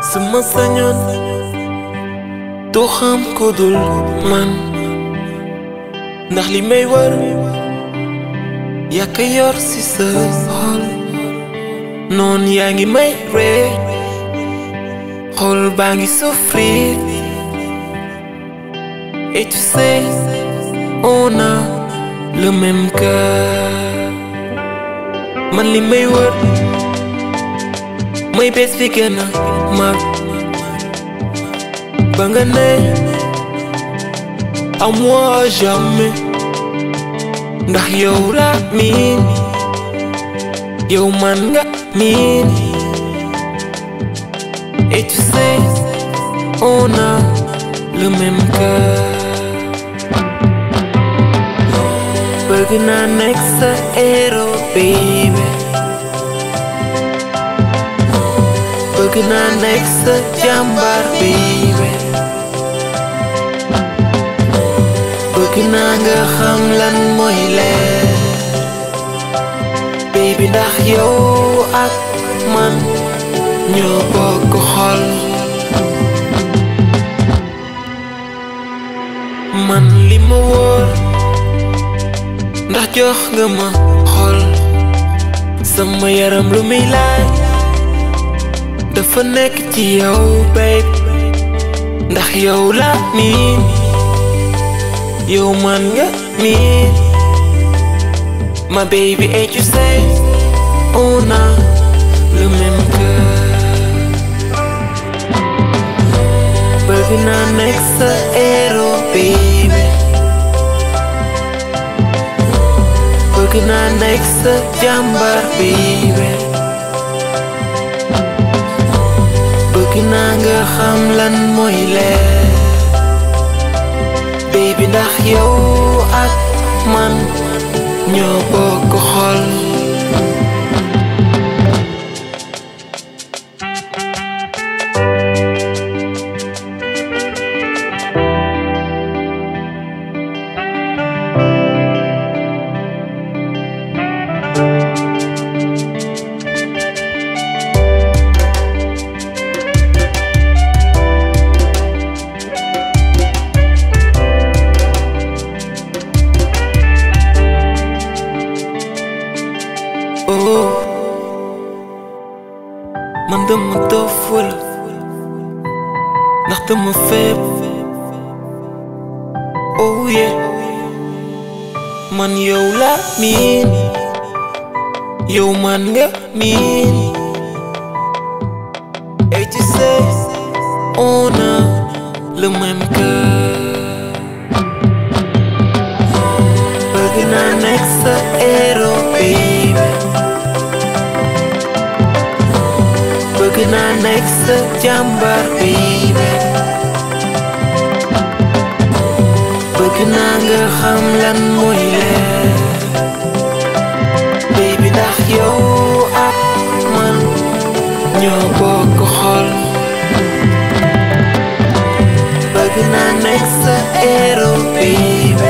Semestanya Toham kudul man nah Nahli mewar Ya kayor si sehol Non yangi re Hol bangi sufri Et tu sais On a le même cœur Man li mewar Măi pe spichena uh, Mă Bangane A moi jamais Dah eu ra mini Eu manga mini Et tu sais On a le même cœur We're gonna next baby Kuna next jambar baby Bukina nga xam lan mooy leer Baby ndax yow ak man ñoo bokk xol man li ma wóor ndax jox nga ma xol sama yaram lu muy laaj dafa nekk ci yow babe ndax yow la miin yow man nga miin ma baby et tu sais on a le même cœur bëgg naa nekk sa baby bëgg naa nekk sa jàmbar baby amlan moile Baby nak yow ak man ñoo bokk xol Nothing will fail Oh yeah Man yêu lá min Yêu man nghe min Ê chứ xê Ô oh, nà Lưng em cơ Bergen an exa ero baby Bergen an exa jambar baby mungkin agar hamlan moile Baby dah yo ak man ñoo bokk xol bëgg sa héros baby